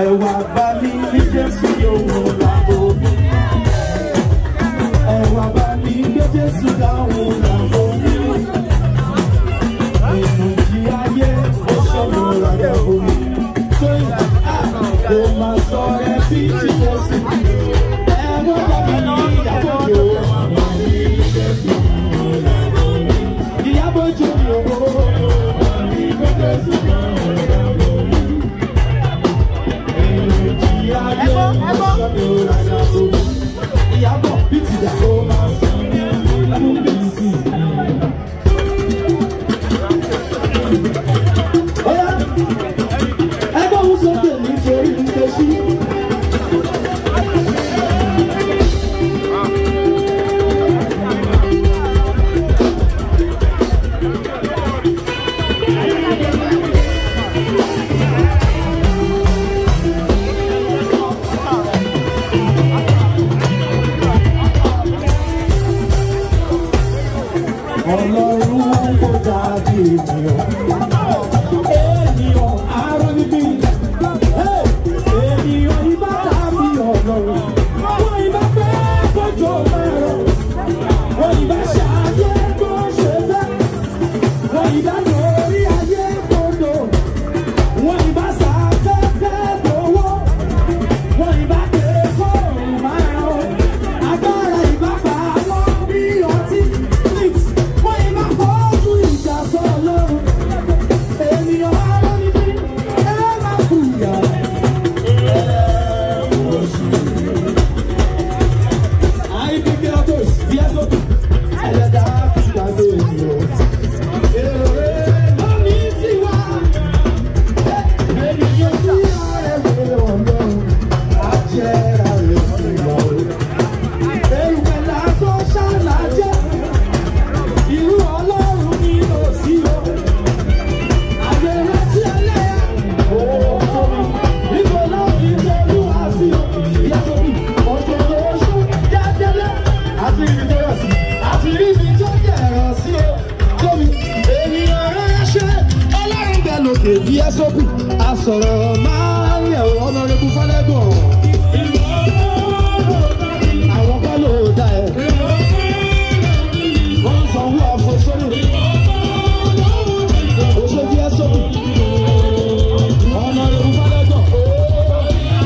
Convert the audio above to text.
ẹ wá bá mi ní Jésù yòówó làbò mi ẹ wá bá mi ní Jésù dáhùn làbò mi nínú jí ayé ó ṣọlọ làbò mi tó yà á kò má sọ ẹ bí ti Jésù ẹ wá bá ọlọ́run kò dàbí ènìyàn. kejì ẹ sókù àsọ̀rọ̀ máa.